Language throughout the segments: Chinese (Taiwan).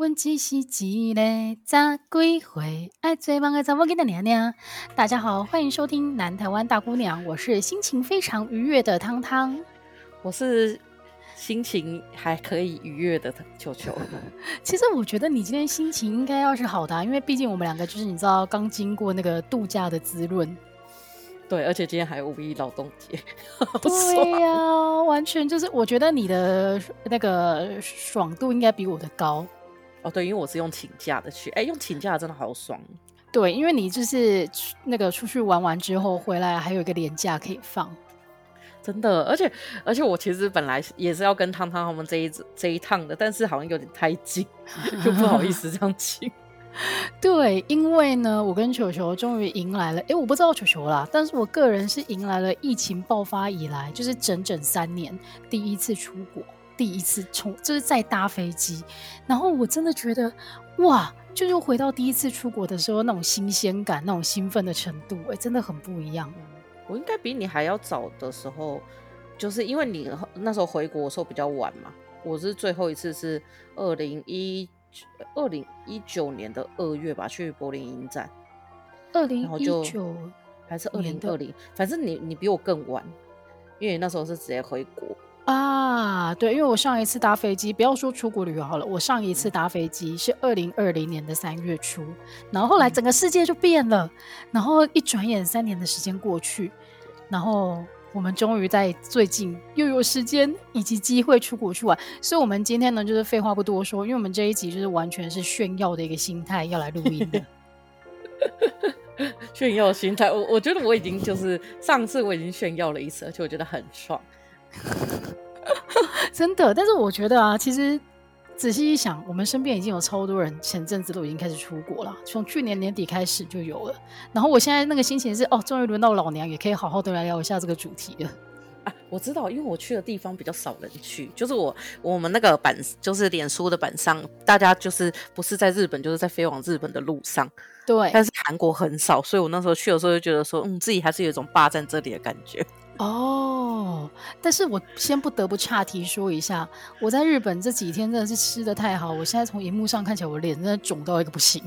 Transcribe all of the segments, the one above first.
問起是幾嘞？咋歸回？愛最棒的怎麼給他念念？大家好，歡迎收聽南台灣大姑娘，我是心情非常愉悅的湯湯，我是心情還可以愉悅的球球。嗯、 其實我覺得你今天心情應該要是好的、啊，因為畢竟我們兩個就是你知道剛經過那個度假的滋潤，對，而且今天還五一勞動節，對呀、啊，完全就是，我覺得你的那個爽度應該比我的高。哦，oh, 對，因為我是用請假的去，哎，用請假的真的好爽。對，因為你就是那個出去玩完之後回來，還有一個連假可以放，真的。而且而且，我其實本來也是要跟湯湯他們這一這一趟的，但是好像有點太近，就不好意思這樣請。 對，因為呢，我跟球球終於迎來了，哎，我不知道球球啦，但是我個人是迎來了疫情爆發以來，就是整整三年第一次出國。第一次從就是再搭飛機，然後我真的覺得哇，就又回到第一次出國的時候那種新鮮感，那種興奮的程度，哎、欸，真的很不一樣。我應該比你還要早的時候，就是因為你那時候回國的時候比較晚嘛。我是最後一次是二零一二零一九年的二月吧，去柏林影展。二零一九還是二零二零，反正你你比我更晚，因為那時候是直接回國。啊，對，因為我上一次搭飛機，不要說出國旅遊好了，我上一次搭飛機是二零二零年的三月初，然後後來整個世界就變了，嗯。然後一轉眼三年的時間過去，然後我們終於在最近又有時間以及機會出國去玩，所以，我們今天呢，就是廢話不多說，因為我們這一集就是完全是炫耀的一個心態要來錄音的， 炫耀心態，我我覺得我已經就是上次我已經炫耀了一次，而且我覺得很爽。 真的，但是我覺得啊，其實仔細一想，我們身邊已經有超多人前陣子都已經開始出國了，從去年年底開始就有了。然後我現在那個心情是，哦，終於輪到老娘也可以好好的來聊一下這個主題了。啊，我知道，因為我去的地方比較少人去，就是我我們那個版，就是臉書的版上，大家就是不是在日本，就是在飛往日本的路上。對。但是韓國很少，所以我那時候去的時候就覺得說，嗯，自己還是有一種霸占這裡的感覺。哦，oh, 但是我先不得不岔題說一下，我在日本這幾天真的是吃得太好，我現在從熒幕上看起來我臉真的腫到一個不行。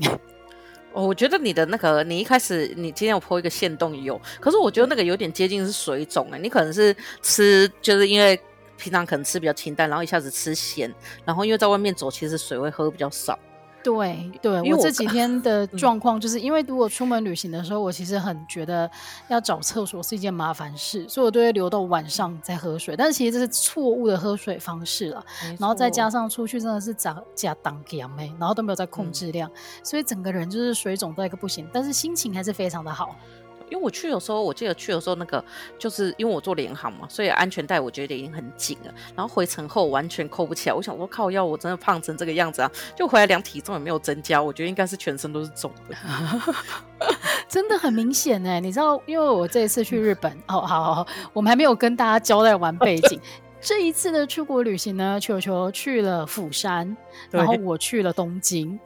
哦，oh, 我覺得你的那個，你一開始你今天有 PO 一個限動喔，可是我覺得那個有點接近是水腫誒、欸，對你可能是吃，就是因為平常可能吃比較清淡，然後一下子吃鹹，然後又在外面走，其實水會喝比較少。對對，對因為我，我這幾天的狀況就是因為如果出門旅行的時候，嗯、我其實很覺得要找廁所是一件麻煩事，所以我都會留到晚上再喝水。但是其實這是錯誤的喝水方式了，沒錯。然後再加上出去真的是加假擋鹽妹，然後都沒有在控制量，嗯、所以整個人就是水腫到一個不行，但是心情還是非常的好。因為我去的時候，我記得去的時候，那個就是因為我做廉航嘛，所以安全帶我覺得已經很緊了。然後回程後完全扣不起來，我想說靠腰，我真的胖成這個樣子啊！就回來量體重也沒有增加，我覺得應該是全身都是腫的、嗯，真的很明顯哎、欸。你知道，因為我這一次去日本，嗯、哦，好，好，好，我們還沒有跟大家交代完背景。 這一次的出國旅行呢，球球去了釜山，對然後我去了東京。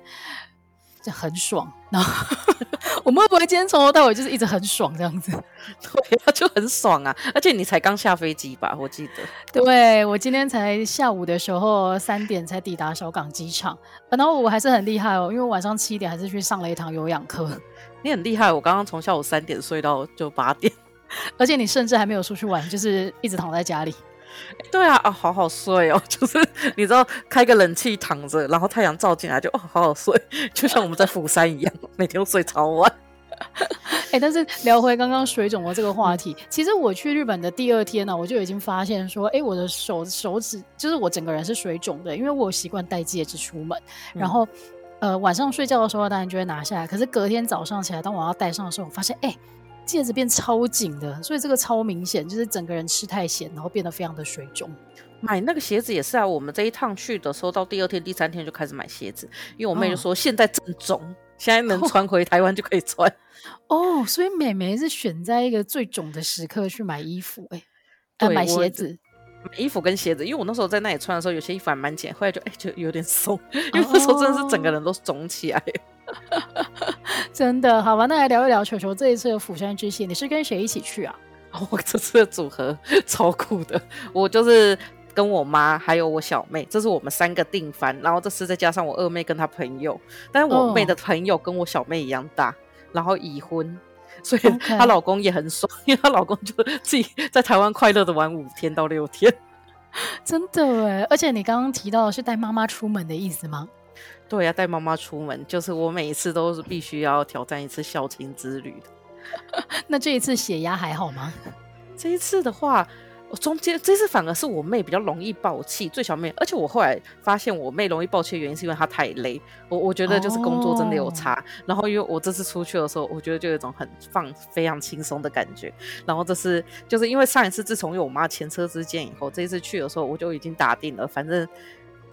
很爽，然後我們會不會今天從頭到尾就是一直很爽這樣子？對，就很爽啊！而且你才剛下飛機吧？我記得，對，對，我今天才下午的時候三點才抵達小港機場，然後我還是很厲害哦、喔，因為我晚上七點還是去上了一堂有氧課。你很厲害，我剛剛從下午三點睡到就八點，而且你甚至還沒有出去玩，就是一直躺在家裡。對啊、哦，好好睡哦，就是你知道開個冷氣躺着然後太陽照進來就，就哦好好睡，就像我們在釜山一樣， 每天都睡超晚、欸。但是聊回剛剛水腫的這個話題， 其實我去日本的第二天呢、啊，我就已經發現說，哎、欸，我的手手指就是我整個人是水腫的，因為我習慣戴戒指出門，然後、嗯、呃晚上睡覺的時候當然就會拿下來，可是隔天早上起來當我要戴上的時候，我發現哎。欸戒指變超緊的，所以這個超明顯，就是整個人吃太鹹，然後變得非常的水腫。買那個鞋子也是啊，我們這一趟去的時候到第二天、第三天就開始買鞋子，因為我妹就說現在正腫，哦、現在能穿回台灣就可以穿。哦，oh, 所以妹妹是選在一個最腫的時刻去買衣服，哎，買鞋子。衣服跟鞋子，因為我那時候在那裡穿的時候，有些衣服還蠻緊，後來就哎、欸、就有點鬆，因為那時候真的是整個人都腫起來，oh. 真的。好吧，那來聊一聊球球這一次的釜山之行，你是跟誰一起去啊？我、哦、這次的組合超酷的，我就是跟我媽還有我小妹，這是我們三個定番，然後這次再加上我二妹跟她朋友，但是我妹的朋友跟我小妹一樣大，oh. 然後已婚。所以她老公也很爽，Okay 因為她老公就自己在台灣快樂的玩五天到六天，真的哎！而且你剛剛提到的是帶媽媽出門的意思嗎？對呀、啊，帶媽媽出門就是我每一次都是必須要挑戰一次孝親之旅的 那這一次血壓還好嗎？這一次的話。我中間這次反而是我妹比較容易爆氣，最小妹。而且我後來發現我妹容易爆氣的原因是因為她太累，我我覺得就是工作真的有差。哦、然後因為我這次出去的時候，我覺得就有一種很放非常輕鬆的感覺。然後這次就是因為上一次自從有我媽前車之鑑以後，這次去的時候我就已經打定了，反正。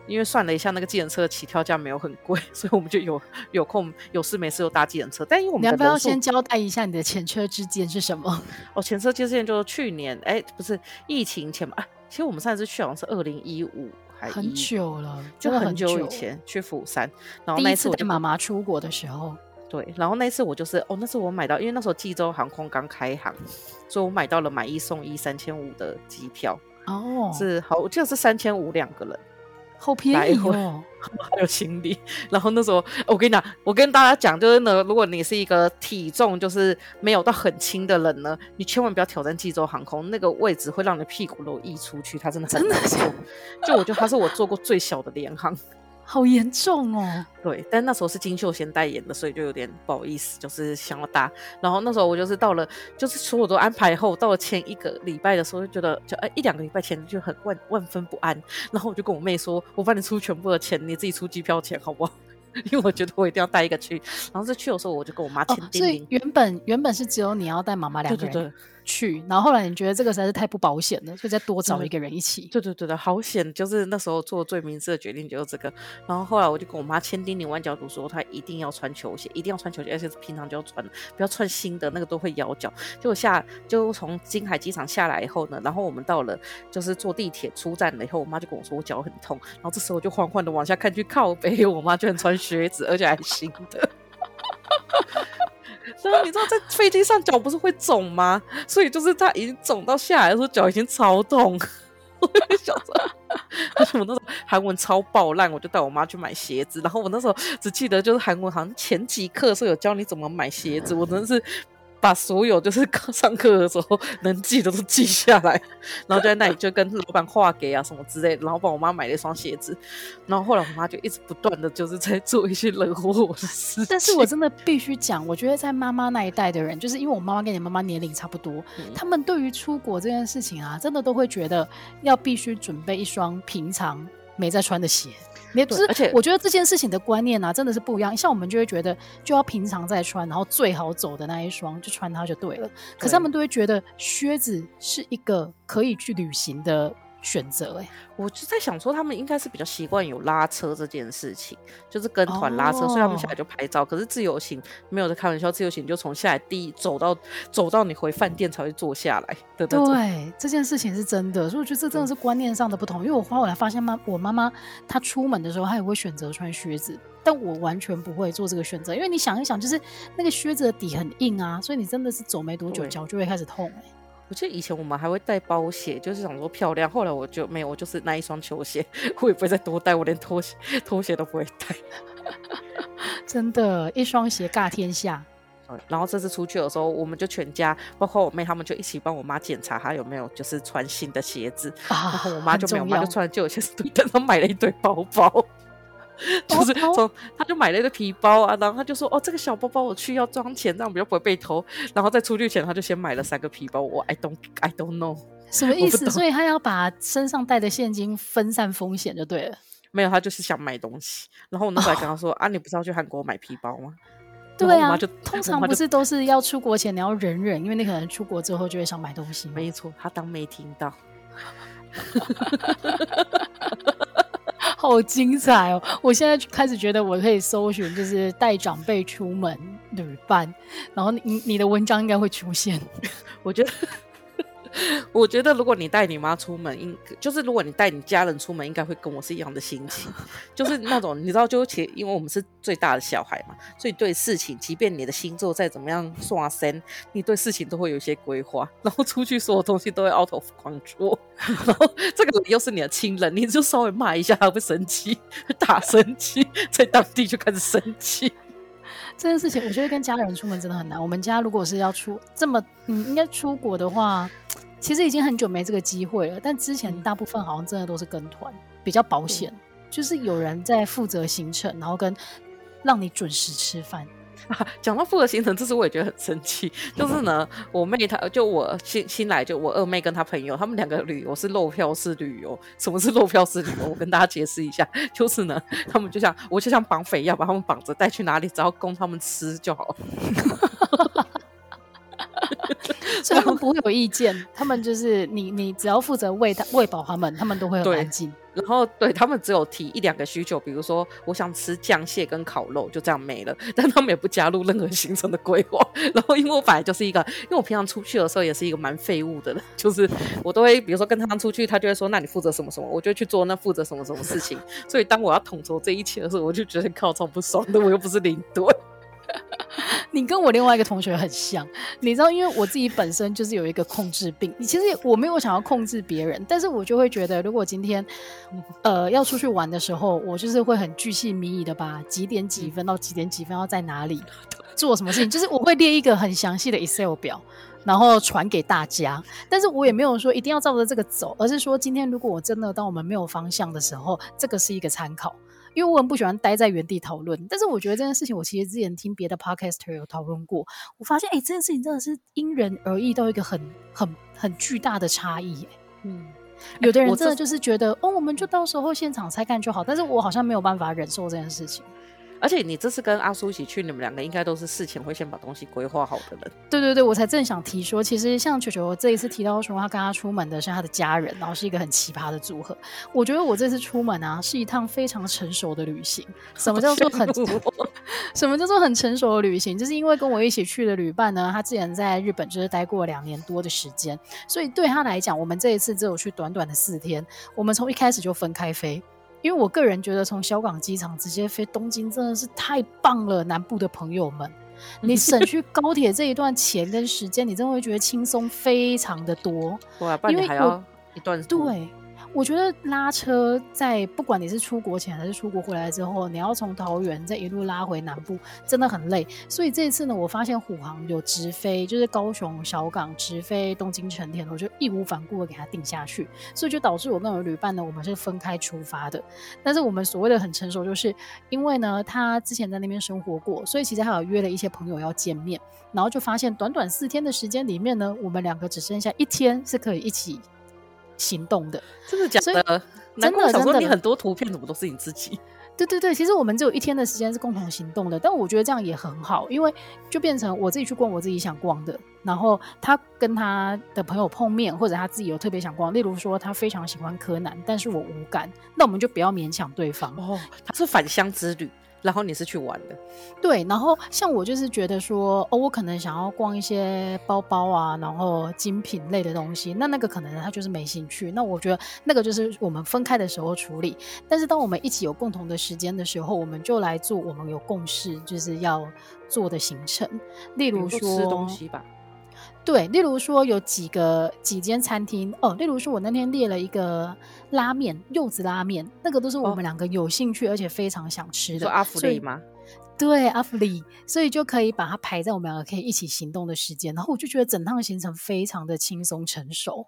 因為算了一下那個計程車起跳價沒有很貴，所以我們就有有空有事沒事就搭計程車。但因為我們要不要先交代一下你的前車之鑑是什麼？哦，前車之鑑就是去年哎、欸，不是疫情前嘛，啊，其實我們上一次去好像是二零一五，很久了，就很久以前去釜山。然後那次我第一次帶媽媽出國的時候，對，然後那次我就是哦，那次我買到，因為那時候濟州航空剛開航。所以我買到了買一送一三千五的機票。哦、oh.，是好，我記得是三千五兩個人。後屁股，還、哦、有行李。然後那時候，我跟你講，我跟大家講，就是呢，如果你是一個體重就是沒有到很輕的人呢，你千萬不要挑戰濟州航空那個位置，會讓你屁股都溢出去。它真的很難，真的是，就我覺得它是我坐過最小的廉航。好嚴重哦！對，但那時候是金秀賢代言的，所以就有點不好意思，就是想要搭。然後那時候我就是到了，就是所有都安排以後，到了前一個禮拜的時候，就覺得就哎、欸、一兩個禮拜前就很萬萬分不安。然後我就跟我妹說：“我幫你出全部的錢，你自己出機票錢，好不好？ 因為我覺得我一定要帶一個去。”然後這去的時候，我就跟我媽簽訂。所以原本原本是只有你要帶媽媽兩個人。對對對。去，然後後來你覺得這個實在是太不保險了，所以再多找一個人一起。對對對對，好險！就是那時候做最明智的決定就是這個。然後後來我就跟我媽千叮嚀萬囑咐，說她一定要穿球鞋，一定要穿球鞋，而且是平常就要穿，不要穿新的，那個都會咬腳。結果下就從金海機場下來以後呢，然後我們到了就是坐地鐵出站了以後，我媽就跟我說我腳很痛，然後這時候我就緩緩的往下看去靠北，我媽居然穿靴子，而且還新的。 所以 你知道在飛機上腳不是會腫嗎？所以就是他已經腫到下來的時候腳已經超痛。我就想着，而且 我那時候韓文超爆爛，我就帶我媽去買鞋子。然後我那時候只記得就是韓文好像前幾課是有教你怎麼買鞋子。我真的是。 把所有就是剛上課的時候能記的都記下來，然後就在那裡就跟老闆話給啊什麼之類的，然後幫我媽買了一雙鞋子，然後後來我媽就一直不斷的就是在做一些惹火我的事。但是我真的必須講，我覺得在媽媽那一代的人，就是因為我媽媽跟你媽媽年齡差不多，嗯、他們對於出國這件事情啊，真的都會覺得要必須準備一雙平常沒在穿的鞋。也不是，而且我覺得這件事情的觀念呢、啊，真的是不一樣。像我們就會覺得，就要平常再穿，然後最好走的那一雙就穿它就對了。可是他們都會覺得，靴子是一個可以去旅行的。選擇哎、欸，我就在想說，他們應該是比較習慣有拉車這件事情，就是跟團拉車，哦、所以他們下來就拍照。可是自由行沒有在開玩笑，自由行就從下來第一走到走到你回飯店才會坐下來。嗯、對,對,對，對？這件事情是真的，所以我覺得這真的是觀念上的不同。對因為我後我來發現媽，我媽媽她出門的時候她也會選擇穿靴子，但我完全不會做這個選擇。因為你想一想，就是那個靴子的底很硬啊，所以你真的是走沒多久腳就會開始痛哎、欸。就以前我們還會帶包鞋，就是想說漂亮。後來我就沒有，我就是那一雙球鞋，我也不會再多帶，我連拖鞋拖鞋都不會帶。真的，一雙鞋尬天下。然後這次出去的時候，我們就全家，包括我妹他們，就一起幫我媽檢查她有沒有就是穿新的鞋子。然後、啊、我媽就沒有買，媽就穿舊鞋。對，等她買了一堆包包。 就是他就買了一個皮包啊，然後他就說哦，這個小包包我去要裝錢，這樣我比較不會被偷。然後在出去前，他就先買了三個皮包。我 I don't I don't know 什麼意思？所以他要把身上帶的現金分散風險就對了。沒有，他就是想買東西。然後我媽在跟他說、哦、啊，你不是要去韓國買皮包嗎？對啊。通常不是都是要出國前你要忍忍， 因為你可能出國之後就會想買東西。沒錯，他當沒聽到。 好精彩哦！我現在開始覺得我可以搜尋，就是帶長輩出門旅伴，然後你你的文章應該會出現， 我覺得。我覺得如果你帶你媽出門，應就是如果你帶你家人出門應該會跟我是一樣的心情，就是那種你知道，就其實因為我們是最大的小孩嘛，所以對事情，即便你的星座再怎麼樣算，你對事情都會有一些規劃，然後出去所有東西都會 out of control，然後這個人又是你的親人，你就稍微罵一下，他會不會生氣，會打生氣，在當地就開始生氣，這件事情，我覺得跟家裡人出門真的很難。我們家如果是要出這麼，嗯，應該出國的話。其實已經很久沒這個機會了，但之前大部分好像真的都是跟團，比較保險，嗯、就是有人在負責行程，然後跟讓你準時吃飯。講、啊、到負責行程，這次我也覺得很生氣。就是呢，我妹她就我新新來，就我二妹跟她朋友，他們兩個旅遊是肉票式旅遊。什麼是肉票式旅遊？我跟大家解釋一下，就是呢，他們就像我就像綁匪一樣，把他們綁着帶去哪裡，只要供他們吃就好。 所以他們不會有意見。後他們就是你，你只要負責餵他，餵飽他們，他們都會很安靜。然後對他們只有提一兩個需求，比如說我想吃醬蟹跟烤肉，就這樣沒了。但他們也不加入任何行程的規劃。然後因為我本來就是一個，因為我平常出去的時候也是一個蠻廢物的人，就是我都會比如說跟他們出去，他就會說那你負責什麼什麼，我就會去做那負責什麼什麼事情。 所以當我要統籌這一切的時候，我就覺得很靠北不爽的，的我又不是領隊。 你跟我另外一個同學很像，你知道，因為我自己本身就是有一個控制病。你，其實我沒有想要控制別人，但是我就會覺得，如果今天，呃，要出去玩的時候，我就是會很巨細靡遺的把幾點幾分到幾點幾分要在哪裡做什麼事情，就是我會列一個很詳細的 Excel 表，然後傳給大家。但是我也沒有說一定要照着這個走，而是說今天如果我真的當我們沒有方向的時候，這個是一個參考。因為我很不喜歡待在原地討論，但是我覺得這件事情，我其實之前聽別的 podcaster 有討論過，我發現，哎、欸，這件事情真的是因人而異，到一個很、很、很巨大的差異。哎，嗯，欸、有的人真的就是覺得，欸、哦，我們就到時候現場拆看就好，但是我好像沒有辦法忍受這件事情。而且你這次跟阿蘇一起去，你們兩個應該都是事前會先把東西規劃好的人。對對對，我才正想提說，其實像球球這一次提到說，他跟他出門的是他的家人，然後是一個很奇葩的組合。我覺得我這次出門啊，是一趟非常成熟的旅行。什麼叫做很、什麼叫做很成熟的旅行？就是因為跟我一起去的旅伴呢，他之前在日本就是待過兩年多的時間，所以對他來講，我們這一次只有去短短的四天，我們從一開始就分開飛。因為我個人覺得，從小港機場直接飛東京真的是太棒了，南部的朋友們，你省去高鐵這一段錢跟時間， 你真的會覺得輕鬆非常的多。哇，半年還要一段對。我覺得拉車在不管你是出國前還是出國回來之後，你要從桃園再一路拉回南部，真的很累。所以這一次呢，我發現虎航有直飛，就是高雄小港直飛東京成田，我就義無反顧的給他定下去。所以就導致我跟我的旅伴呢，我們是分開出發的。但是我們所謂的很成熟，就是因為呢，他之前在那邊生活過，所以其實還有約了一些朋友要見面。然後就發現短短四天的時間裡面呢，我們兩個只剩下一天是可以一起。行動的，真的假的？所以，難怪我想說你很多圖片怎麼都是你自己。對對對，其實我們只有一天的時間是共同行動的，但我覺得這樣也很好，因為就變成我自己去逛我自己想逛的，然後他跟他的朋友碰面，或者他自己有特別想逛，例如說他非常喜歡柯南，但是我無感，那我們就不要勉強對方。哦，他是返鄉之旅。然後你是去玩的，對。然後像我就是覺得說，哦，我可能想要逛一些包包啊，然後精品類的東西。那那個可能他就是沒興趣。那我覺得那個就是我們分開的時候處理。但是當我們一起有共同的時間的時候，我們就來做我們有共識就是要做的行程，例如說吃東西吧。對，例如說有幾個幾間餐廳哦，例如說我那天列了一個拉麵，柚子拉麵，那個都是我們兩個有興趣而且非常想吃的。哦、阿福利嗎？對，阿福利。所以就可以把它排在我們兩個可以一起行動的時間。然後我就覺得整趟行程非常的輕鬆成熟，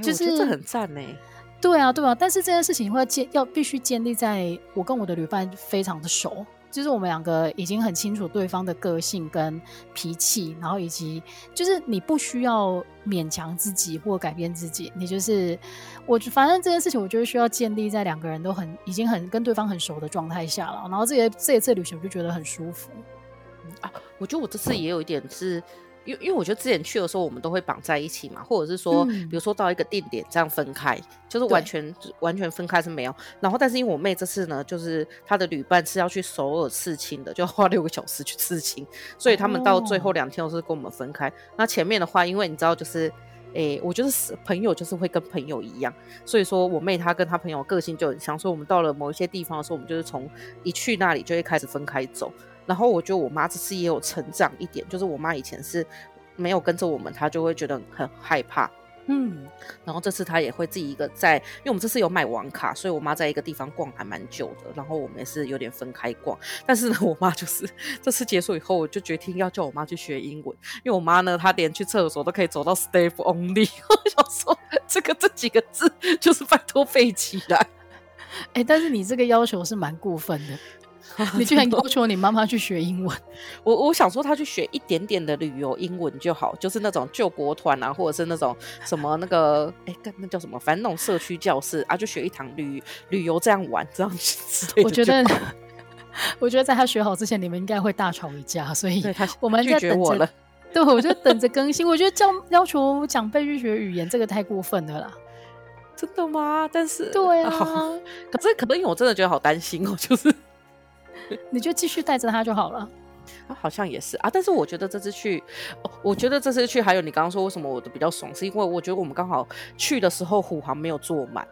誒就是這很贊呢、欸。對啊，對啊，但是這件事情會建要必須建立在我跟我的旅伴非常的熟。就是我們兩個已經很清楚對方的個性跟脾氣，然後以及就是你不需要勉強自己或改變自己，你就是我反正這件事情我覺得需要建立在兩個人都很已經很跟對方很熟的狀態下了，然後這些這一次旅行我就覺得很舒服。嗯，啊，我覺得我這次也有一點是。嗯因因為我覺得之前去的時候，我們都會綁在一起嘛，或者是說，比如說到一個定點這樣分開，嗯、就是完全對完全分開是沒有。然後，但是因為我妹這次呢，就是她的旅伴是要去首爾刺青的，就要花六個小時去刺青，所以他們到最後兩天都是跟我們分開。哦、那前面的話，因為你知道，就是誒、欸，我就是朋友，就是會跟朋友一樣，所以說我妹她跟她朋友個性就很像，說，我們到了某一些地方的時候，我們就是從一去那裡就會開始分開走。然後我覺得我媽這次也有成長一點，就是我媽以前是沒有跟着我們，她就會覺得很害怕，嗯。然後這次她也會自己一個在，因為我們這次有買網卡，所以我媽在一個地方逛還蠻久的。然後我們也是有點分開逛，但是呢，我媽就是這次結束以後，我就決定要叫我媽去學英文，因為我媽呢，她連去廁所都可以走到 staff only，我想說這個這幾個字就是拜托背起來。哎、欸，但是你這個要求是蠻過分的。啊、你居然要求你媽媽去學英文？我我想說，他去學一點點的旅遊英文就好，就是那種救國團啊，或者是那種什麼那個哎、欸，那叫什麼？反正那種社區教室啊，就學一堂旅旅遊這樣玩這樣。我覺得，我覺得在他學好之前，你們應該會大吵一架。所以，他拒絕我了。對，我就等着更新。我覺得叫要求長輩去學語言，這個太過分了啦。真的嗎？但是對啊、哦，可是可能因為我真的覺得好擔心哦，就是。 你就繼續帶着他就好了，啊、好像也是啊。但是我覺得這次去，哦，我覺得這次去還有你剛剛說為什麼我的比較爽，是因為我覺得我們剛好去的時候虎航沒有坐滿，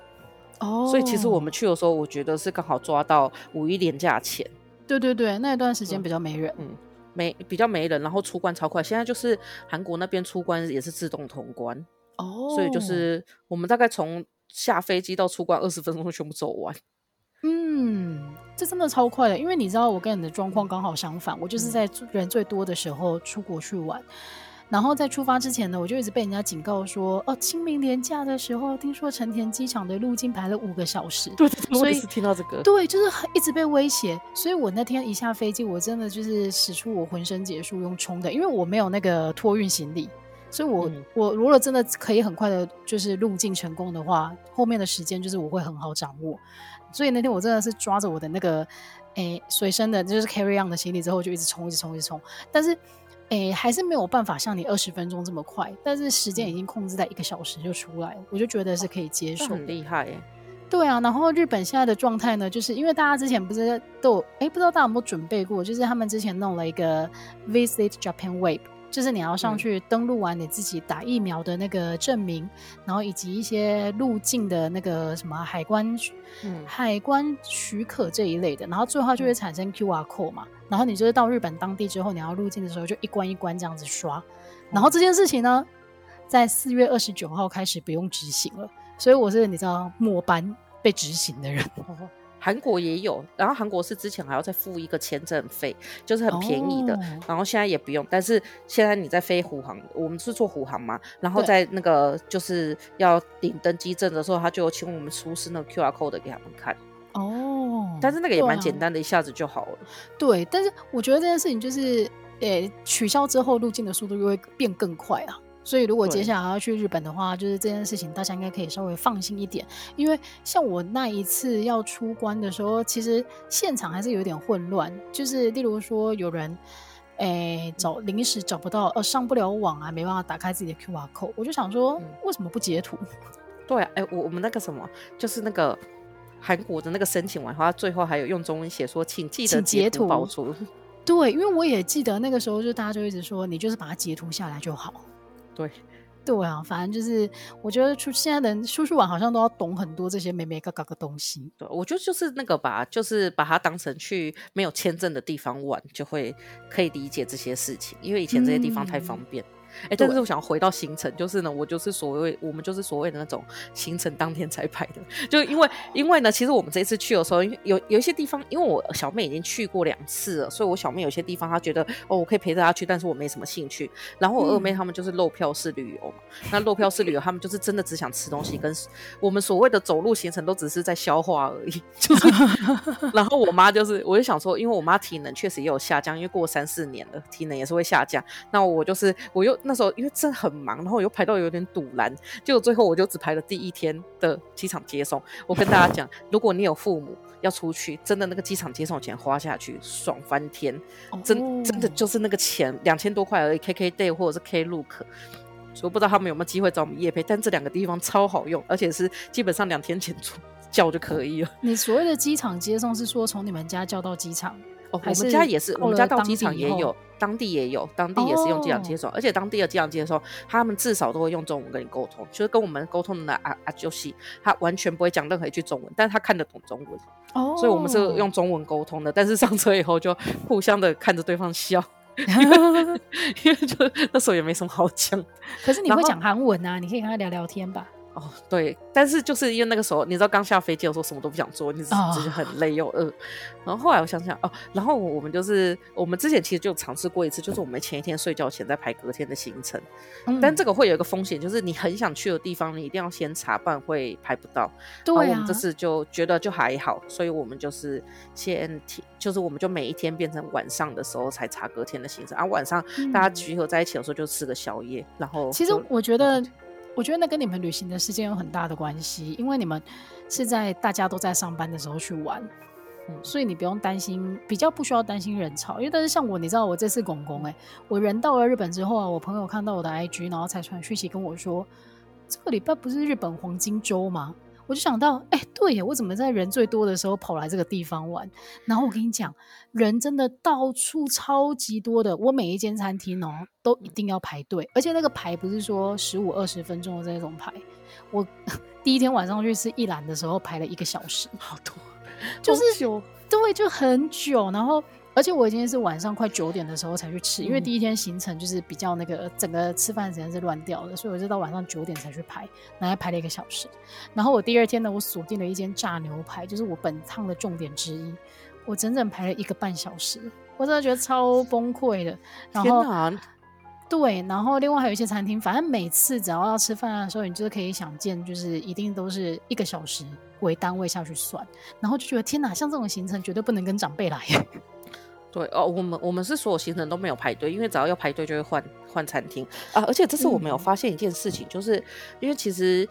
哦，所以其實我們去的時候，我覺得是剛好抓到五一年假前。對對對，那一段時間比較沒人，嗯，嗯，沒比較沒人，然後出關超快。現在就是韓國那邊出關也是自動通關，哦，所以就是我們大概從下飛機到出關二十分鐘全部走完。嗯，這真的超快的，因為你知道我跟你的狀況剛好相反，我就是在人最多的時候出國去玩，嗯、然後在出發之前呢，我就一直被人家警告說，哦，清明連假的時候，聽說成田機場的入境排了五個小時。對對對，所以我是聽到這個。對，就是一直被威脅，所以我那天一下飛機，我真的就是使出我渾身解數用衝的，因為我沒有那個托運行李，所以我、嗯、我如果真的可以很快的就是入境成功的話，後面的時間就是我會很好掌握。所以那天我真的是抓着我的那個，欸，隨身的，就是 carry on 的行李之後就一直衝，一直衝，一直衝。但是，欸，還是沒有辦法像你二十分鐘這麼快，但是時間已經控制在一個小時就出來，我就覺得是可以接受。啊，很厲害欸。對啊。然後日本現在的狀態呢，就是因為大家之前不是都有，欸，不知道大家有沒有準備過，就是他們之前弄了一個 Visit Japan Wave。就是你要上去登錄完你自己打疫苗的那個證明，嗯、然後以及一些入境的那個什麼海關，嗯、海關許可這一類的，然後最後就會產生 QR code 嘛，嗯、然後你就是到日本當地之後你要入境的時候，就一關一關這樣子刷，嗯、然後這件事情呢，在四月二十九號開始不用執行了，所以我是你知道末班被執行的人。 韓國也有，然後韓國是之前還要再付一個簽證費，就是很便宜的，哦、然後現在也不用。但是現在你在飛虎航，我們是做虎航嘛，然後在那個就是要領登機證的時候，對他就請我們出示那個 QR code 給他們看。哦，但是那個也蠻簡單的，啊、一下子就好了。對，但是我覺得這件事情就是，誒、欸，取消之後入境的速度又會變更快啊。所以，如果接下來要去日本的話，對就是這件事情大家應該可以稍微放心一點，因為像我那一次要出關的時候，其實現場還是有點混亂，就是例如說有人哎、欸，找臨時找不到，呃，上不了網啊，沒辦法打開自己的 QR code，我就想說、嗯、為什麼不截圖？對，哎、欸，我我們那個什麼，就是那個韓國的那個申請完後，最後還有用中文寫說請記得截圖，對，因為我也記得那個時候就大家就一直說你就是把它截圖下來就好。對，對啊，反正就是我覺得出現在的人出去玩，好像都要懂很多這些美美嘎嘎的東西。對，我覺得就是那個吧，就是把它當成去沒有簽證的地方玩，就會可以理解這些事情，因為以前這些地方太方便。嗯哎，欸、對但是我想回到行程，就是呢，我就是所謂我們就是所謂的那種行程當天才拍的，就因為因為呢，其實我們這次去的時候，有有一些地方，因為我小妹已經去過兩次了，所以我小妹有些地方她覺得哦，我可以陪着她去，但是我沒什麼興趣。然後我二妹她們就是漏票式旅遊嘛，嗯、那漏票式旅遊，她們就是真的只想吃東西，跟我們所謂的走路行程都只是在消化而已。就是， 然後我媽就是，我就想說，因為我媽體能確實也有下降，因為過三四年了，體能也是會下降。那我就是我又。那時候因為真的很忙，然後又排到有點賭爛，結果最後我就只排了第一天的機場接送。我跟大家講，如果你有父母要出去，真的那個機場接送錢花下去爽翻天，嗯、真的真的就是那個錢兩千多塊而已。KK Day 或者是 K Look，所以我不知道他們有沒有機會找我們業配，但這兩個地方超好用，而且是基本上兩天前出叫就可以了。你所謂的機場接送是說從你們家叫到機場？哦，我們家也是，我們家到機場也有，當地也有，當地也是用機場接送，哦、而且當地的機場接送，他們至少都會用中文跟你溝通，就是跟我們溝通的那啊啊就是，他完全不會講任何一句中文，但是他看得懂中文，哦，所以我們是用中文溝通的，但是上車以後就互相的看着對方笑， 因為，因為就那時候也沒什麼好講。可是你會講韓文啊，後你可以跟他聊聊天吧。哦，對，但是就是因為那個時候，你知道剛下飛機，的時候什麼都不想做，你只是、oh. 很累又餓。然後後來我想想哦，然後我們就是我們之前其實就嘗試過一次，就是我們前一天睡覺前在排隔天的行程，嗯、但這個會有一個風險，就是你很想去的地方，你一定要先查，不然，會排不到。對、啊，這次就覺得就還好，所以我們就是先就是我們就每一天變成晚上的時候才查隔天的行程，後、啊、晚上大家集合在一起的時候就吃個宵夜，嗯、然後其實我覺得。我覺得那跟你們旅行的時間有很大的關係，因為你們是在大家都在上班的時候去玩，嗯，所以你不用擔心，比較不需要擔心人潮，因為但是像我，你知道我這次公公，欸，我人到了日本之後啊，我朋友看到我的 IG，然後才傳訊息跟我說，這個禮拜不是日本黃金周嗎？我就想到，哎、欸，對呀，我怎麼在人最多的時候跑來這個地方玩？然後我跟你講，人真的到處超級多的，我每一間餐廳哦都一定要排隊，而且那個排不是說十五二十分鐘的這種排，我第一天晚上去吃一蘭的時候排了一個小時，好多，就是好久，對，就很久，然後。而且我已經是晚上快九點的時候才去吃，因為第一天行程就是比較那個整個吃飯時間是亂掉的，所以我就到晚上九點才去排，然後排了一個小時。然後我第二天呢，我鎖定了一間炸牛排，就是我本趟的重點之一，我整整排了一個半小時，我真的覺得超崩潰的。然後，天哪！對，然後另外還有一些餐廳，反正每次只要要吃飯的時候，你就是可以想見，就是一定都是一個小時為單位下去算，然後就覺得天哪，像這種行程絕對不能跟長輩來。對哦，我們我們是所有行程都沒有排隊，因為只要要排隊就會換換餐廳啊。而且這次我們有發現一件事情，嗯、就是因為其實。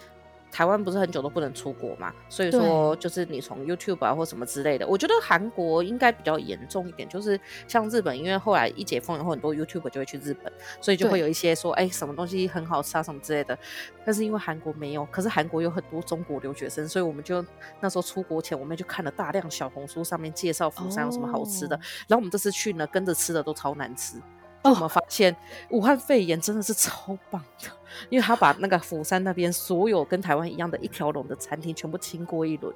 台灣不是很久都不能出國嘛，所以說就是你從 YouTube 啊，或什麼之類的。對我覺得韓國應該比較嚴重一點，就是像日本，因為後來一解封以後，很多 YouTuber 就會去日本，所以就會有一些說哎對、欸、什麼東西很好吃啊什麼之類的。但是因為韓國沒有，可是韓國有很多中國留學生，所以我們就那時候出國前我們就看了大量小紅書上面介紹釜山有什麼好吃的，哦、然後我們這次去呢跟着吃的都超難吃。那我們發現、oh. 武漢肺炎真的是超棒的，因為他把那個釜山那邊所有跟台灣一樣的一條龍的餐廳全部清過一輪，哦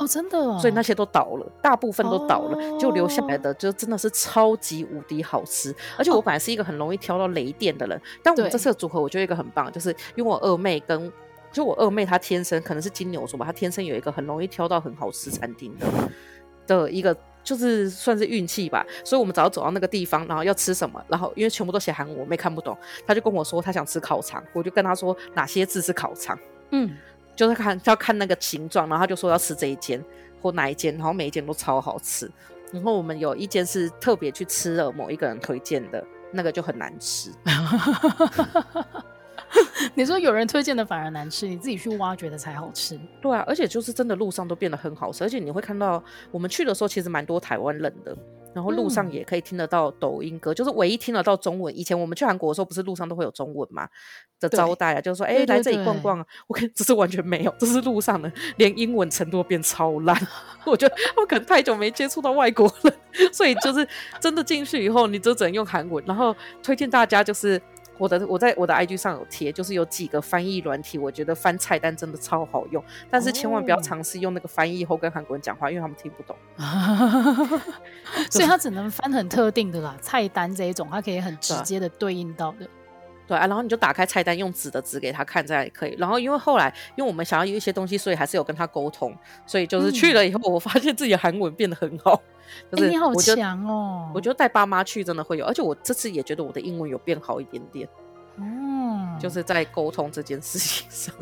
，oh, 真的，所以那些都倒了，大部分都倒了，oh. 就留下來的就真的是超級無敵好吃。而且我本來是一個很容易挑到雷店的人，oh. 但我這次的組合我覺得一個很棒，對就是因為我二妹跟，就我二妹她天生可能是金牛座吧，她天生有一個很容易挑到很好吃餐廳的，的一個。就是算是運氣吧，所以我們早走到那個地方，然後要吃什麼，然後因為全部都寫韓文，我妹妹看不懂，他就跟我說他想吃烤腸，我就跟他說哪些字是烤腸，嗯，就是看要看那個形狀，然後她就說要吃這一間或哪一間，然後每一間都超好吃，然後我們有一間是特別去吃了某一個人推薦的那個就很難吃。 你說有人推薦的反而難吃，你自己去挖掘的才好吃。對啊，而且就是真的路上都變得很好吃，而且你會看到我們去的時候其實蠻多台灣人的，然後路上也可以聽得到抖音歌，嗯、就是唯一聽得到中文。以前我們去韓國的時候，不是路上都會有中文嘛的招待啊，對就是說哎、欸、來這裡逛逛，啊，我看這是完全沒有，這是路上的連英文程度變超爛， 我覺得我可能太久沒接觸到外國了，所以就是真的進去以後你就只能用韓文。然後推薦大家就是。我的我在我的 IG 上有貼，就是有幾個翻譯軟體，我覺得翻菜單真的超好用，但是千萬不要嘗試用那個翻譯後跟韓國人講話，因為他們聽不懂。哦。 所以他只能翻很特定的啦，菜單這一種，他可以很直接的對應到的。對啊，然後你就打開菜單，用紙的紙給他看，這樣也可以。然後因為後來，因為我們想要有一些東西，所以還是有跟他溝通。所以就是去了以後，嗯、我發現自己的韓文變得很好。嗯欸、你好強哦！我覺得帶爸媽去真的會有，而且我這次也覺得我的英文有變好一點點。嗯，就是在溝通這件事情上，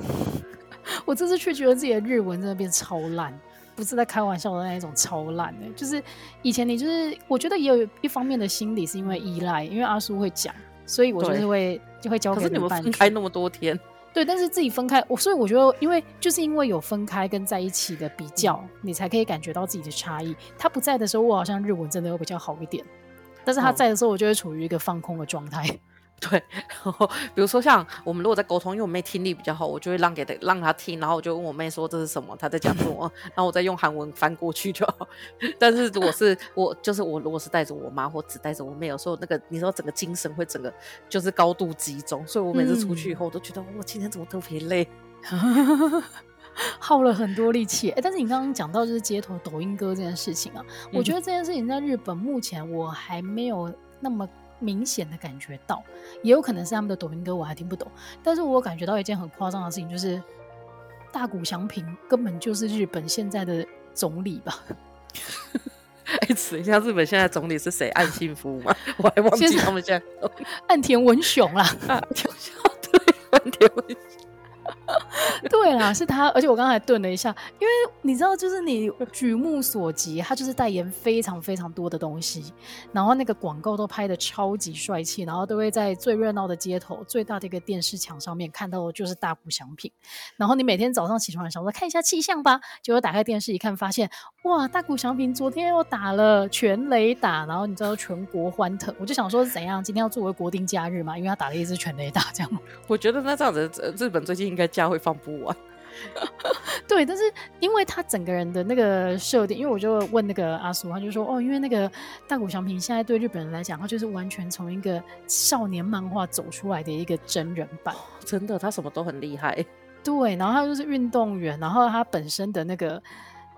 我這次卻覺得自己的日文真的變超爛，不是在開玩笑的那一種超爛的。就是以前你就是，我覺得也有一方面的心理是因為依賴，因為阿叔會講。所以，我就是會就會交給。可是你們分開那麼多天，對，但是自己分開，我所以我覺得，因為就是因為有分開跟在一起的比較，你才可以感覺到自己的差異。他不在的時候，我好像日文真的會比較好一點，但是他在的時候，我就會處於一個放空的狀態。嗯對，然後比如說像我們如果在溝通，因為我妹聽力比較好，我就會讓給她，讓她聽，然後我就問我妹說，這是什麼，她在講什麼， 然後我再用韓文翻過去就好。但是如果是 我，就是我如果是帶着我媽或者只帶着我妹，有時候那個你說整個精神會整個就是高度集中，所以我每次出去以後我都覺得我、嗯、今天怎麼特別累， 耗了很多力氣。哎、欸，但是你剛剛講到就是街頭抖音歌這件事情啊，嗯、我覺得這件事情在日本目前我還沒有那麼。明顯的感覺到，也有可能是他們的抖音歌我還聽不懂，但是我感覺到一件很誇張的事情，就是大谷翔平根本就是日本現在的總理吧？哎、 欸，查一下日本現在總理是誰？岸信夫嗎？ 我還忘記他們現在，現在岸田文雄啦，對， 岸田文雄。 對啦，是他，而且我剛才頓了一下，因為你知道，就是你舉目所及，他就是代言非常非常多的東西，然後那個廣告都拍的超級帥氣，然後都會在最熱鬧的街頭、最大的一個電視牆上面看到的就是大谷翔平，然後你每天早上起床的時候我說看一下氣象吧，結果打開電視一看，發現。哇，大谷翔平昨天又打了全壘打，然後你知道全國歡騰，我就想說是怎樣？今天要作為國定假日嘛，因為他打了一支全壘打這樣。我覺得那這樣子，日本最近應該假會放不完。 對，但是因為他整個人的那個設定，因為我就問那個阿蘇，他就說哦，因為那個大谷翔平現在對日本人來講，他就是完全從一個少年漫畫走出來的一個真人版，哦、真的，他什麼都很厲害。對，然後他就是運動員，然後他本身的那個。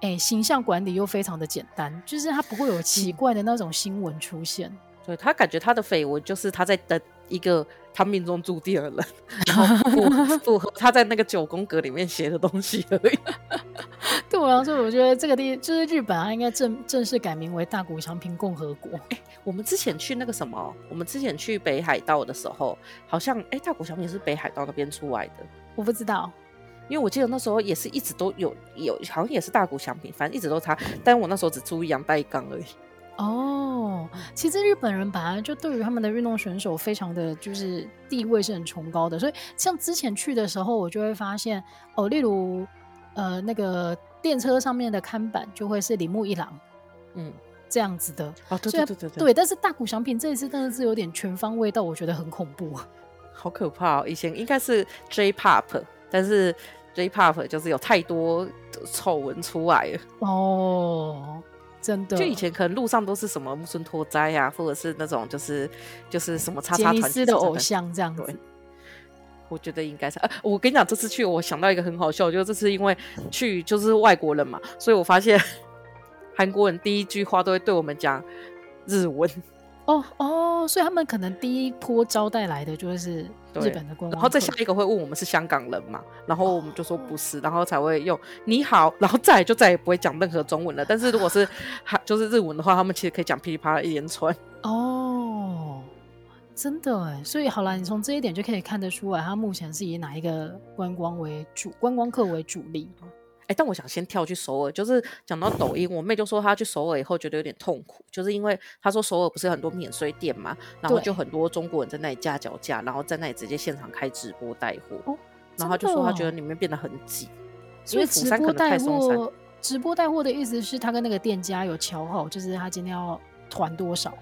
哎，形象管理又非常的簡單，就是他不會有奇怪的那種新聞出現。嗯、對他感覺他的緋聞就是他在等一個他命中注定的人， 然後符合他在那個九宮格裡面寫的東西而已。 對我來說，我覺得這個地就是日本、啊，它應該正正式改名為大谷翔平共和國。哎，我們之前去那個什麼，我們之前去北海道的時候，好像哎，大谷翔平是北海道那邊出來的，我不知道。因為我記得那時候也是一直都有有，好像也是大谷翔平，反正一直都差。但我那時候只注意楊帶剛而已。哦，其實日本人本來就對於他們的運動選手非常的就是地位是很崇高的，所以像之前去的時候，我就會發現哦，例如呃那個電車上面的看板就會是鈴木一朗。嗯，這樣子的。哦，對對對對對。對，但是大谷翔平這一次真的是，是有點全方位到，我覺得很恐怖，好可怕哦。以前應該是 J Pop，但是，J-Pop 的就是有太多醜聞出來哦，oh, 真的。就以前可能路上都是什麼木村拓哉啊，或者是那種就是就是什麼叉叉團之類的偶像這樣子。人。我覺得應該是。呃、啊，我跟你講，這次去我想到一個很好笑，就是、這次因為去就是外國人嘛，所以我發現韓國人第一句話都會對我們講日文。哦哦。哦、所以他們可能第一波招待來的就會是日本的觀光，然後再下一個會問我們是香港人嘛，然後我們就說不是，哦、然後才會用你好，然後再就再也不會講任何中文了。但是如果是 就是日文的話，他們其實可以講噼裡啪啦一連串哦，真的哎，所以好了，你從這一點就可以看得出來，他目前是以哪一個觀光為主，觀光客為主力。哎，但我想先跳去首爾。就是講到抖音，我妹就說她去首爾以後覺得有點痛苦，就是因為她說首爾不是很多免稅店嘛，然後就很多中國人在那裡架腳架，然後在那裡直接現場開直播帶貨，哦、然後她就說她覺得裡面變得很擠。哦、因為釜山可能太鬆散直播，直播帶貨的意思是她跟那個店家有喬好，就是她今天要團多少？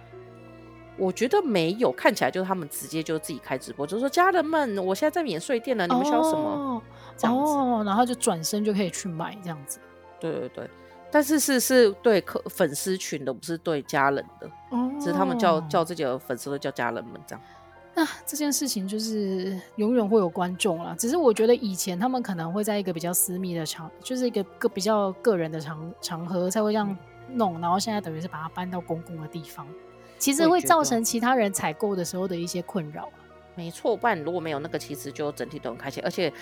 我覺得沒有，看起來就是他們直接就自己開直播，就是說家人們，我現在在免稅店了，你們需要什麼？哦哦，然後就轉身就可以去買這樣子。對對對，但是是是對客粉絲群的，不是對家人的。哦，只是他們叫叫自己的粉絲，都叫家人們這樣。那、啊、這件事情就是永遠會有觀眾了。只是我覺得以前他們可能會在一個比較私密的場，就是一個個比較個人的場場合才會這樣弄，嗯、然後現在等於是把它搬到公共的地方，其實會造成其他人採購的時候的一些困擾、啊。沒錯，不然如果沒有那個，其實就整體都很開心，而且。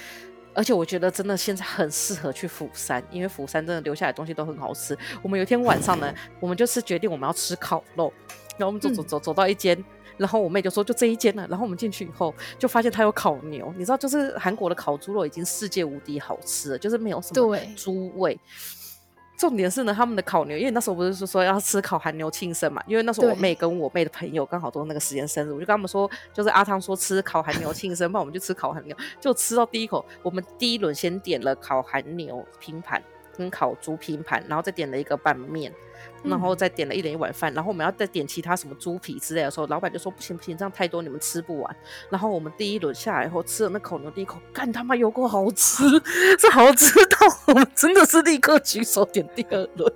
而且我覺得真的現在很適合去釜山，因為釜山真的留下來的東西都很好吃。我們有一天晚上呢，嗯、我們就是決定我們要吃烤肉，然後我們走走走走到一間，嗯、然後我妹就說就這一間了。然後我們進去以後，就發現它有烤牛，你知道就是韓國的烤豬肉已經世界無敵好吃了，就是沒有什麼豬味。重點是呢，他們的烤牛，因為那時候不是說說要吃烤韓牛慶生嘛？因為那時候我妹跟我妹的朋友剛好都那個時間生日，對我就跟他們說，就是阿湯說吃烤韓牛慶生，不然 我們就吃烤韓牛，就吃到第一口，我們第一輪先點了烤韓牛拼盤跟烤豬拼盤，然後再點了一個拌麵。然後再點了一人一碗飯，然後我們要再點其他什麼豬皮之類的時候，老板就說不行不行，這樣太多你們吃不完。然後我們第一輪下來後吃了那口牛第一口，幹他媽有夠好吃，是好吃到我們真的是立刻舉手點第二輪。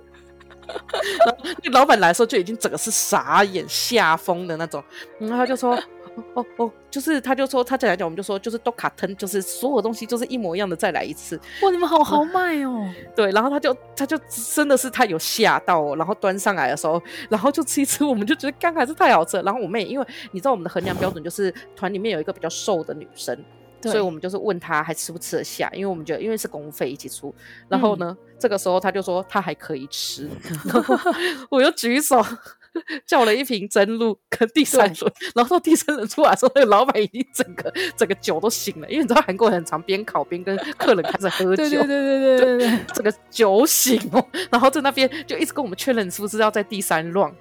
對 老板來說就已經整個是傻眼嚇瘋的那種、嗯，然後他就說。哦哦，就是他，就說他這樣講，我們就說就是都卡騰，就是所有東西就是一模一樣的，再來一次。哇，你們好豪邁哦、喔！ 對，然後他就他就真的是他有嚇到哦、喔。然後端上來的時候，然後就吃一吃，我們就覺得剛還是太好吃了。然後我妹，因為你知道我們的衡量標準就是團裡面有一個比較瘦的女生，對所以我們就是問他還吃不吃得下，因為我們覺得因為是公費一起出。然後呢，嗯、這個時候他就說他還可以吃， 我又舉手。 叫了一瓶真露跟第三輪，對然後到第三輪出來的時候，那個老闆已經整個整個酒都醒了，因為你知道韓國人很常邊烤邊跟客人開始喝酒，對對對對對，整個酒醒，哦，然後在那邊就一直跟我們確認是不是要在第三輪。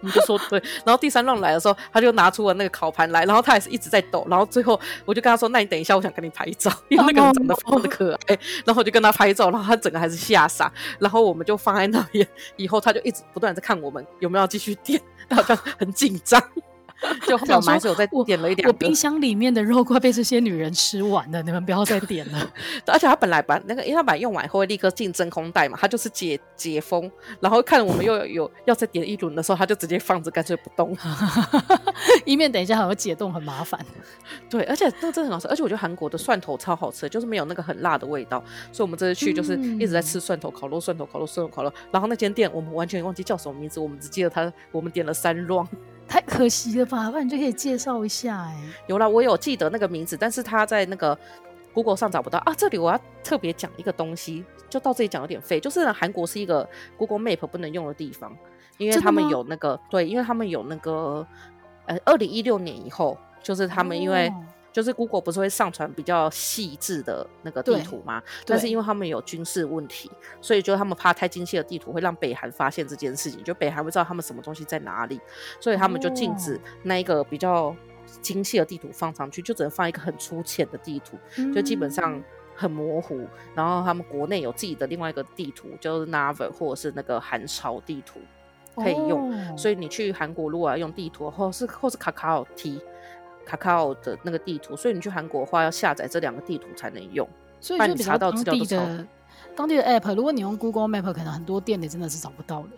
我們 就說對，然後第三浪來的時候，他就拿出了那個烤盤來，然後他也是一直在抖，然後最後我就跟他說：“那你等一下，我想跟你拍一張，因為那個人長得非常的可愛。”然後我就跟他拍照，然後他整個還是嚇傻，然後我們就放在那邊，以後他就一直不斷在看我們有沒有繼續點，他好像很緊張。 就好像還是有再點了一點，我冰箱裡面的肉快被這些女人吃完了，你們不要再點了。 而且她本來把那個，因為她把用完以後會立刻進真空袋嘛，她就是解解封，然後看我們又有， 有要再點一輪的時候，她就直接放着，乾脆不動，以免 等一下還會解凍很麻煩。 對，而且都真的很好吃，而且我覺得韓國的蒜頭超好吃，就是沒有那個很辣的味道，所以我們這次去就是一直在吃蒜頭、嗯、烤肉、蒜頭烤肉、蒜頭，烤肉，蒜頭烤肉。然後那間店我們完全忘記叫什麼名字，我們只記得他，我們點了三輪。太可惜了吧，那你就可以介紹一下哎、欸。有了，我有記得那個名字，但是他在那個 Google 上找不到啊。這裡我要特別講一個東西，就到這裡講有點廢。就是韓國是一個 Google Map 不能用的地方，因為他們有那個，對，因為他們有那個，呃，二零一六年以後，就是他們因為。哦就是 Google 不是會上傳比較細緻的那個地圖嗎？對但是因為他們有軍事問題，對所以就他們怕太精細的地圖會讓北韓發現這件事情，就北韓不知道他們什麼東西在哪裡，所以他們就禁止那一個比較精細的地圖放上去，哦、就只能放一個很粗淺的地圖，嗯、就基本上很模糊。然後他們國內有自己的另外一個地圖，就是 Naver 或者是那個韓朝地圖可以用，哦、所以你去韓國如果、啊、用地圖或是或是卡卡奧 T。卡卡奧的那個地圖，所以你去韓國的話，要下載這兩個地圖才能用。所以就查到當地的當地的 app，如果你用 Google Map，可能很多店你真的是找不到的，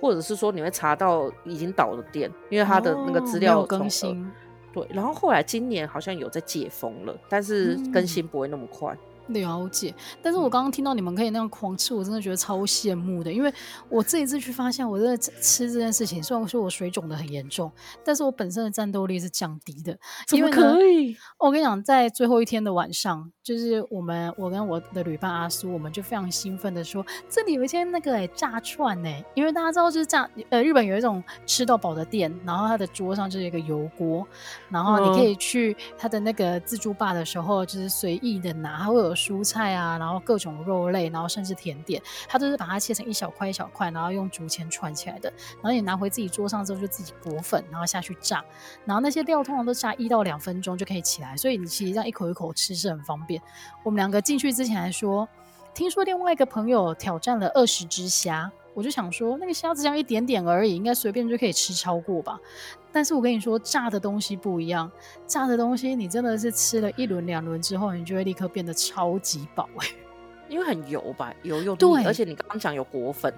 或者是說你會查到已經倒的店，因為它的那個資料、哦、更新。對，然後後來今年好像有在解封了，但是更新不會那麼快。嗯了解，但是我剛剛聽到你們可以那樣狂吃，我真的覺得超羨慕的，因為我這一次去發現，我真的吃這件事情，雖然說我水腫的很嚴重，但是我本身的戰鬥力是降低的。怎麼可以？我跟你講，在最後一天的晚上，就是我們我跟我的旅伴阿蘇，我們就非常興奮的說，這裡有一間那個炸串誒、欸，因為大家知道就是炸，呃，日本有一種吃到飽的店，然後他的桌上就是一個油鍋，然後你可以去他的那個自助吧的時候，就是隨意的拿，他會有。蔬菜啊，然後各種肉類，然後甚至甜點，他都是把它切成一小塊一小塊，然後用竹簽串起來的。然後你拿回自己桌上之後，就自己裹粉，然後下去炸。然後那些料通常都炸一到兩分鐘就可以起來，所以你其實這樣一口一口吃是很方便。我們兩個進去之前還說，聽說另外一個朋友挑戰了二十隻蝦，我就想說，那個蝦子要一點點而已，應該隨便就可以吃超過吧？但是我跟你說，炸的東西不一樣。炸的東西，你真的是吃了一輪、兩輪之後，你就會立刻變得超級飽、欸，因為很油吧，油又多。對，而且你剛剛講有裹粉。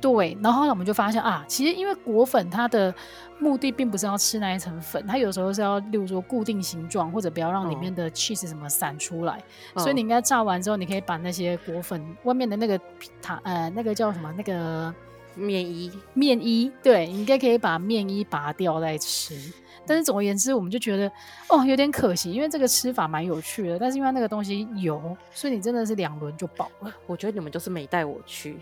對，然後我們就發現啊，其實因為裹粉它的目的並不是要吃那一層粉，它有時候是要，例如說固定形狀，或者不要讓裡面的起司什麼散出來。嗯嗯、所以你應該炸完之後，你可以把那些裹粉外面的那個糖，呃，那個叫什麼、嗯、那個。麵衣，麵衣，對，你應該可以把麵衣拔掉再吃。但是總而言之，我們就覺得哦，有點可惜，因為這個吃法蠻有趣的。但是因為那個東西油，所以你真的是兩輪就飽了。我覺得你們就是沒帶我去，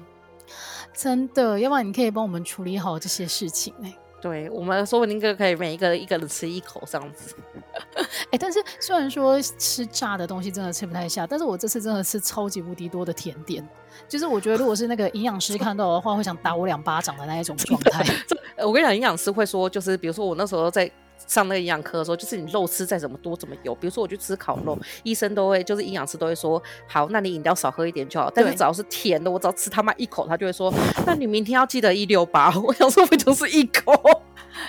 真的。要不然你可以幫我們處理好這些事情欸。對，我們說不定就可以每一個一個人吃一口這樣子，哎、欸，但是雖然說吃炸的東西真的吃不太下，但是我這次真的吃超級無敵多的甜點，就是我覺得如果是那個營養師看到的話，會想打我兩巴掌的那一種狀態。 我跟你講，營養師會說，就是比如說我那時候在。上那個營養課的時候，就是你肉吃再怎麼多怎麼油，比如說我去吃烤肉，醫生都會就是營養師都會說，好，那你飲料少喝一點就好。對但是只要是甜的，我只要吃他媽一口，他就會說，那你明天要記得一六八。我想說，我就是一口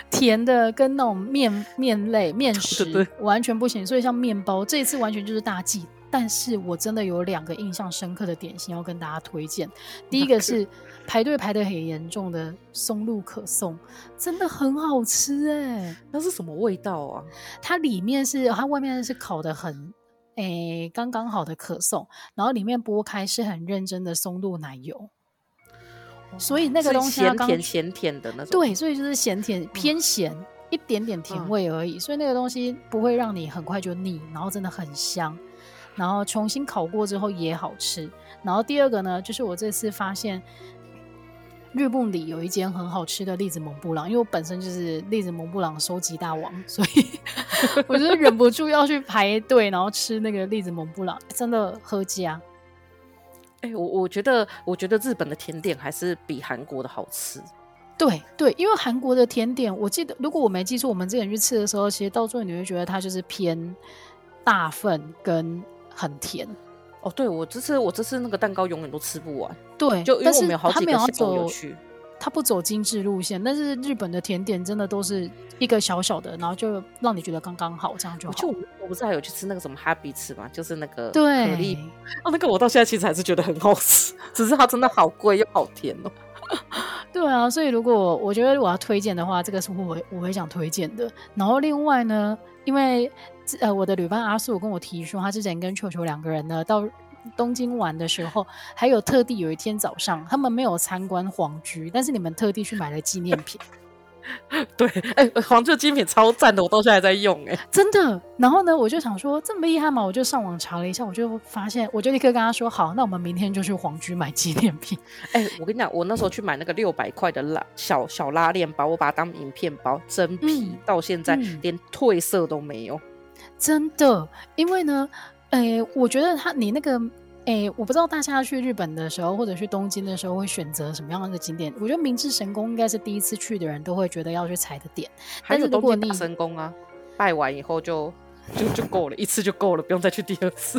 甜的跟那種麵麵類麵食對對對，完全不行，所以像麵包這一次完全就是大忌。但是我真的有兩個印象深刻的點心要跟大家推薦，Oh my God、第一個是。排隊排的很嚴重的松露可頌，真的很好吃哎、欸！那是什麼味道啊？它裡面是、哦、它外面是烤的很哎、欸、剛剛好的可頌，然後裡面剝開是很認真的松露奶油。哦、所以那個東西它是鹹甜鹹甜的那種。對，所以就是鹹甜偏鹹、嗯、一點點甜味而已。嗯、所以那個東西不會讓你很快就膩，然後真的很香。然後重新烤過之後也好吃。然後第二個呢，就是我這次發現。日暮里有一間很好吃的栗子蒙布朗，因為我本身就是栗子蒙布朗收集大王，所以我就忍不住要去排隊， 然後吃那個栗子蒙布朗，真的好呷。哎、欸，我我覺得，我覺得日本的甜點還是比韓國的好吃。對對，因為韓國的甜點，我記得如果我沒記錯，我們之前去吃的時候，其實到最後你會覺得它就是偏大份跟很甜。哦，oh, 對，我這次我這次那個蛋糕永遠都吃不完，對，就因為我們有好幾個他，走去他不走精緻路線，但是日本的甜點真的都是一個小小的，然後就讓你覺得剛剛好，這樣就好。就我我，我不是還有去吃那個什麼哈比吃嘛，就是那個可麗，啊對、哦，那個我到現在其實還是覺得很好吃，只是它真的好貴又好甜哦。 對啊，所以如果我覺得我要推薦的話，這個是我我會想推薦的。然後另外呢，因為。呃，我的旅伴阿素跟我提說，他之前跟球球兩個人呢到東京玩的時候，還有特地有一天早上，他們沒有參觀皇居，但是你們特地去買了紀念品。 對，哎、欸，皇居的精品超贊的，我到現在還在用、欸，哎，真的。然後呢，我就想說這麼厲害嘛，我就上網查了一下，我就發現，我就立刻跟他說，好，那我們明天就去皇居買紀念品。哎、欸，我跟你講，我那時候去買那個六百塊的拉小小拉鏈包，我把它當名片包，真皮、嗯、到現在、嗯、連褪色都沒有。真的，因為呢，誒、欸，我覺得他你那個誒、欸，我不知道大家去日本的時候或者去東京的時候會選擇什麼樣的景點。我覺得明治神宮應該是第一次去的人都會覺得要去踩的點，還是東京的神宮啊，拜完以後就就就夠了，一次就夠了，不用再去第二次。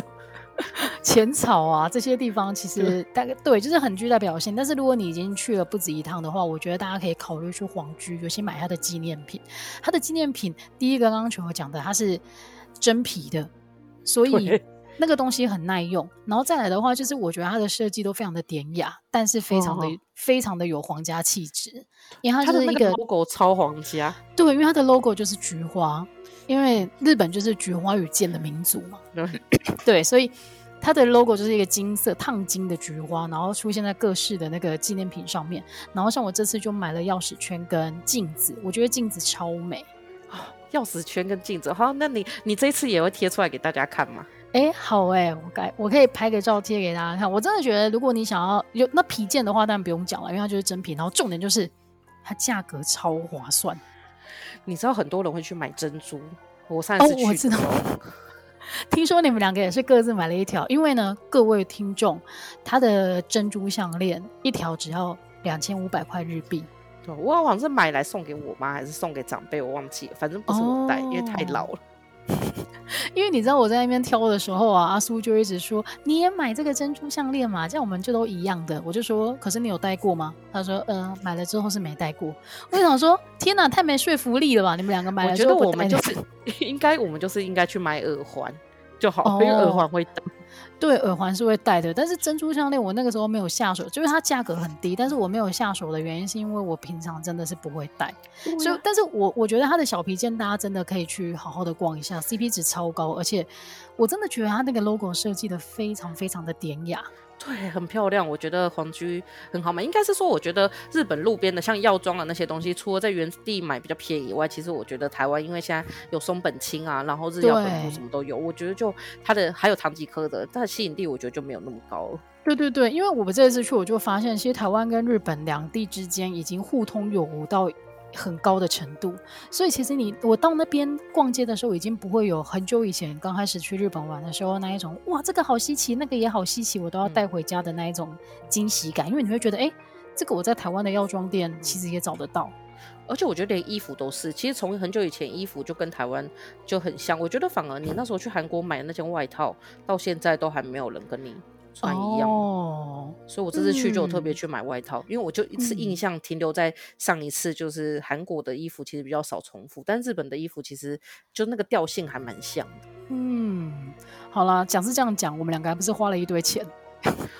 淺 草啊，這些地方其實大概對，對，就是很具代表性。但是如果你已經去了不止一趟的話，我覺得大家可以考慮去皇居，尤其買他的紀念品。他的紀念品，第一個剛剛球球我講的，他是。真皮的，所以對那個東西很耐用。然後再來的話，就是我覺得它的設計都非常的典雅，但是非常的哦哦非常的有皇家氣質。因為它他的那個 logo 超皇家，對，因為它的 logo 就是菊花，因為日本就是菊花與劍的民族嘛。 對，所以它的 logo 就是一個金色燙金的菊花，然後出現在各式的那個紀念品上面。然後像我這次就買了鑰匙圈跟鏡子，我覺得鏡子超美。鑰匙圈跟鏡子，好，那你你這次也會貼出來給大家看嗎？哎、欸，好誒、欸，我該，我可以拍個照貼給大家看。我真的覺得，如果你想要有那皮件的話，當然不用講了，因為它就是真皮。然後重點就是它價格超划算。你知道很多人會去買珍珠，我上次去、哦、我知道， 聽說你們兩個也是各自買了一條，因為呢，各位聽眾，他的珍珠項鏈一條只要兩千五百塊日幣。對，我好像是買來送給我媽還是送給長輩，我忘記了，反正不是我戴，oh. 因為太老了。 因為你知道我在那邊挑的時候啊，阿蘇就一直說你也買這個珍珠項鏈嘛，這樣我們就都一樣的。我就說，可是你有戴過嗎？他說，呃、嗯，買了之後是沒戴過。我就想說，天哪，太沒說服力了吧？你們兩個買來我了，我覺得我們就是應該，我們就是應該去買耳環就好，oh. 因為耳環會戴對，耳環是會戴的，但是珍珠項鏈我那個時候沒有下手，就是它價格很低，但是我沒有下手的原因是因為我平常真的是不會戴，Oh yeah. 所以但是我我覺得它的小皮件大家真的可以去好好的逛一下，CP 值超高，而且我真的覺得它那個 logo 設計的非常非常的典雅。對，很漂亮，我覺得皇居很好買。應該是說，我覺得日本路邊的像藥妝啊那些東西，除了在原地買比較便宜以外，其實我覺得台灣因為現在有松本清啊，然後日藥本舖什麼都有，對我覺得就它的還有唐吉訶德的，它的吸引力我覺得就沒有那麼高了。對對對，因為我們這次去，我就發現其實台灣跟日本兩地之間已經互通有無到。很高的程度，所以其實你我到那邊逛街的時候，已經不會有很久以前剛開始去日本玩的時候那一種哇，這個好稀奇，那個也好稀奇，我都要帶回家的那一種驚喜感，因為你會覺得，誒，這個我在台灣的藥妝店其實也找得到，而且我覺得連衣服都是，其實從很久以前衣服就跟台灣就很像，我覺得反而你那時候去韓國買的那件外套，到現在都還沒有人跟你穿一樣，哦、所以，我這次去就特別去買外套，嗯、因為我就一次印象停留在上一次，就是韓國的衣服其實比較少重複，嗯、但日本的衣服其實就那個調性還蠻像。嗯，好啦，講是這樣講，我們兩個還不是花了一堆錢，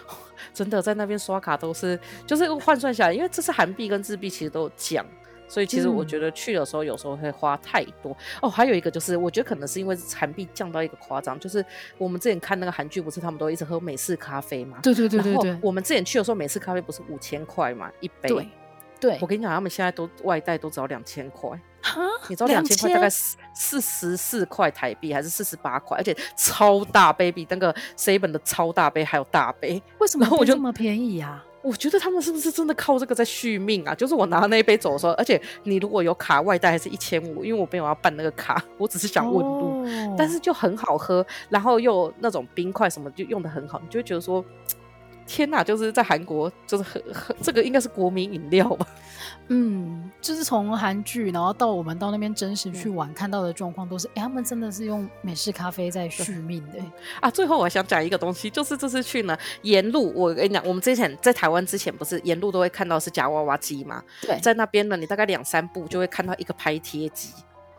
真的在那邊刷卡都是，就是換算下來，因為這是韓幣跟日幣，其實都有降。所以其實我覺得去的時候有時候會花太多哦。還有一個就是，我覺得可能是因為韓幣降到一個誇張，就是我們之前看那個韓劇，不是他們都一直喝美式咖啡嗎？對對對對，我們之前去的時候，美式咖啡不是五千塊嘛一杯？對。對我跟你講，他們現在都外帶都只要兩千塊。哈蛤？你知道兩千塊大概四十四塊台幣還是四十八塊？而且超大杯比那個 Seven 的超大杯還有大杯。為什麼我就這麼便宜呀、啊？我覺得他們是不是真的靠這個在續命啊？就是我拿那一杯走的時候，而且你如果有卡外帶還是一千五，因為我沒有要辦那個卡，我只是想問路，Oh. 但是就很好喝，然後又那種冰塊什麼就用得很好，你就會覺得說。天哪，就是在韓國，就是喝、喝這個應該是國民飲料吧。嗯，就是從韓劇，然後到我們到那邊真實去玩、嗯、看到的狀況，都是哎，他們真的是用美式咖啡在續命的對啊。最後我還想講一個東西，就是這次去呢，沿路我跟你講，我們之前在台灣之前不是沿路都會看到是夾娃娃機嘛？對，在那邊呢，你大概兩三步就會看到一個拍貼機。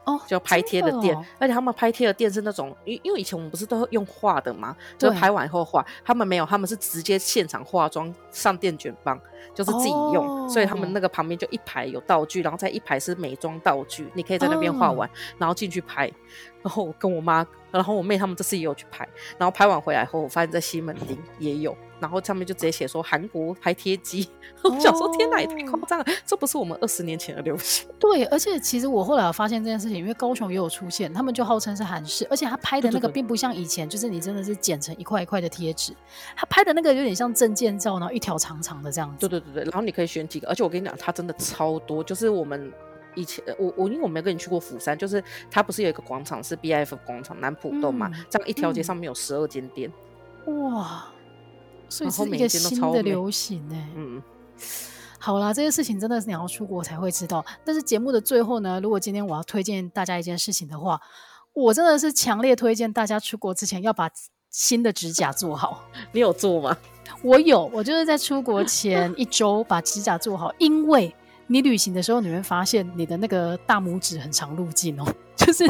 哦，oh, 就拍貼的店，真的哦，而且他們拍貼的店是那種，因因為以前我們不是都用畫的嘛，對就拍完以後畫，他們沒有，他們是直接現場化妝上電卷棒，就是自己用，oh, 所以他們那個旁邊就一排有道具，嗯、然後再一排是美妝道具，你可以在那邊畫完，oh. 然後進去拍。然後跟我媽，然後我妹他們這次也有去拍，然後拍完回來後，我發現在西門町也有，然後上面就直接寫說韓國拍貼機，哦、我想說天哪，也太誇張了，這不是我們二十年前的流行。對，而且其實我後來有發現這件事情，因為高雄也有出現，他們就號稱是韓式，而且他拍的那個並不像以前，對對對對，就是你真的是剪成一塊一塊的貼紙，他拍的那個有點像證件照，然後一條長長的這樣子。對對對對，然後你可以選幾個，而且我跟你講，他真的超多，就是我們。以前我我因為我沒有跟你去過釜山，就是它不是有一個廣場是 BIF 廣場南浦洞嘛？嗯、這樣一條街上面有十二間店，嗯，哇！所以是一個新的流行哎、欸。啊、嗯，好啦，這些事情真的是你要出國才會知道。但是節目的最後呢，如果今天我要推薦大家一件事情的話，我真的是強烈推薦大家出國之前要把新的指甲做好。 你有做嗎？我有，我就是在出國前一周把指甲做好，因為。你旅行的時候，你會發現你的那個大拇指很常入鏡哦。就是，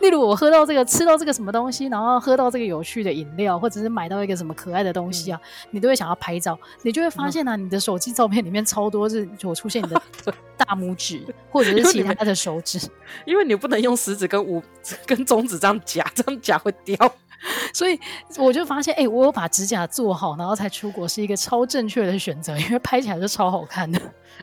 例如我喝到這個、吃到這個什麼東西，然後喝到這個有趣的飲料，或者是買到一個什麼可愛的東西啊，嗯、你都會想要拍照。你就會發現啊，你的手機照片裡面超多是就出現你的大拇指，或者是其他，他的手指因。因為你不能用食指跟五跟中指這樣夾，這樣夾會掉。 所以我就發現，哎、欸，我有把指甲做好，然後才出國，是一個超正確的選擇，因為拍起來就超好看的。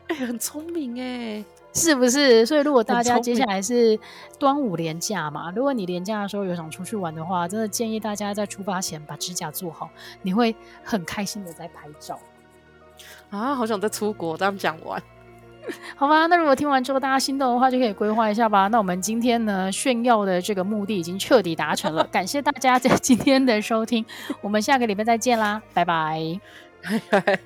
哎、欸，很聰明耶、欸，是不是？所以如果大家接下來是端午連假嘛，如果你連假的時候有想出去玩的話，真的建議大家在出發前把指甲做好，你會很開心的在拍照。啊，好想再出國！這樣講完。好吧，那如果聽完之後大家心動的話，就可以規劃一下吧。那我們今天呢，炫耀的這個目的已經徹底達成了，感謝大家在今天的收聽，我們下個禮拜再見啦，拜拜，拜拜。